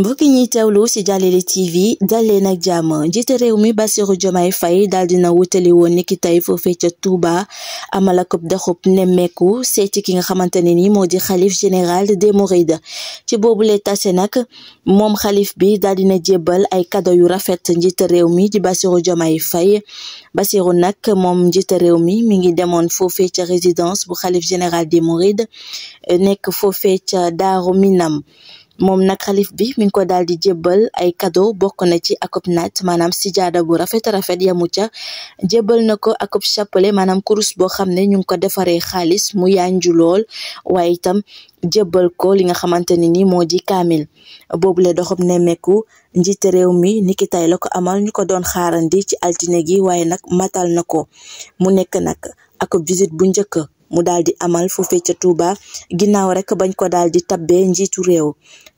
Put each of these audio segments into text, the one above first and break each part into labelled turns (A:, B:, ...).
A: mbokki ñiy si ci Jàllale TV dalleen nag jàmm njiite réew mi Bassirou Diomaye fay daal dina wutali woon niki tey foofee ca Touba amal akub daxub nemmeeku seeti ki nga xamante ne ni moo di xalif général des Mourides ci boobu boobule tase nag moom xalif bi daal dina jébbal ay cadeau yu rafet njiite réew mi di Bassirou Diomaye fay Bassirou nag moom njiite réew mi mi ngi demoon foofee ca résidence bu xalif général des Mourides nekk foofee ca Daaru Minam moom nag xalif bi mu ngi ko daal di jébbal ay cadeau bokk na ci akub naat maanaam sijaada bu rafet rafet yamu ca jébbal na ko akub chapelet maanaam kurus boo xam ne ñu ngi ko defaree xaalis mu yaanju lool waaye itam jébbal ko li nga xamante ne ni moo di kaamil boobu la nemmeeku njiite réew mi niki tay la ko amal ñu ko doon xaarandi ci altine gi waaye nag matal na ko mu nekk nag akub visite bu njëkk mu daal di amal foofee ca Touba ginnaaw rek bañ ko daal di tabbee njiitu réew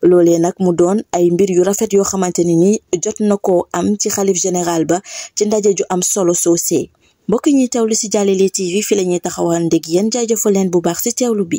A: loolee nag mu doon ay mbir yu rafet yoo xamante ne ni jot na ko am ci xalif général ba ci ndaje ju am solo soosee mbokk ñi teewlu si Jallale TV fi la ñuy taxawaan dégg yéen jaajëfal leen bu baax si teewlu bi.